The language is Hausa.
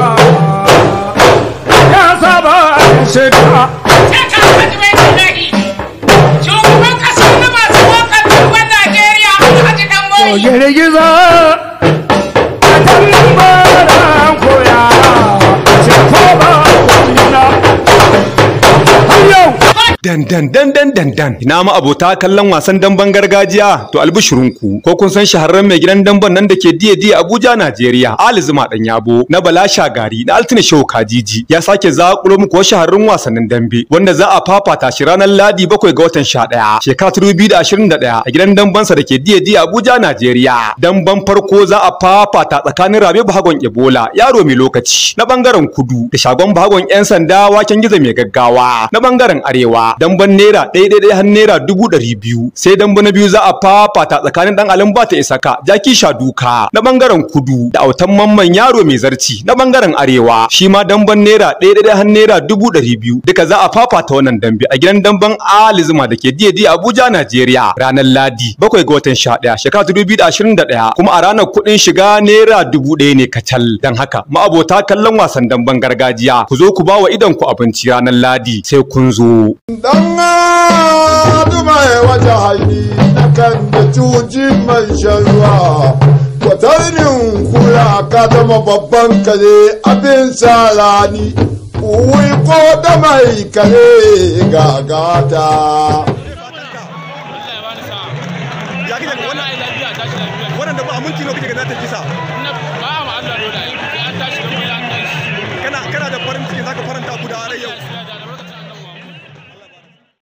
shiga shugaban na masu najeriya girgiza Dan-dan-dan-dan-dan! ina ma abota kallon wasan damban gargajiya to ku! ko kun san shahararren mai gidan damben nan da ke diye diye Abuja Najeriya Ali Zuma dan Yabo na Bala Shagari na Altina Shehu Kajiji ya sake zakulo muku wasu shahararrun wasannin dambe wanda za a fafata shi ranar Ladi bakwai ga watan 11 shekara 2021 a gidan damben sa da ke diye diye Abuja Najeriya Damban farko za a fafata tsakanin Rabe Bahagon Ebola yaro mai lokaci na bangaren kudu da shagon Bahagon yan sanda waken gizo mai gaggawa na bangaren arewa damban naira ɗaya ɗaya har naira dubu ɗari biyu sai damba na biyu za a fafata tsakanin dan alin ba ta ka jaki duka na bangaren kudu da autan mamman yaro mai zarci na bangaren arewa shi ma damban naira ɗaya ɗaya har naira dubu ɗari biyu duka za a fafata wannan dambe a gidan damban alizuma da ke diyadi abuja najeriya ranar ladi bakwai ga watan sha ɗaya shekara ta dubu da ashirin da ɗaya kuma a ranar kuɗin shiga naira dubu ɗaya ne kacal don haka ma'abota kallon wasan damben gargajiya ku zo ku ba wa idon ku abinci ranar ladi sai kun zo. dan aduma ya waje na kan da cuji mai shan ruwa kwatarnin kura ka zama babban kare abin sa rani uwi ko da mai kare gagata wannan da ba aminci ga za ta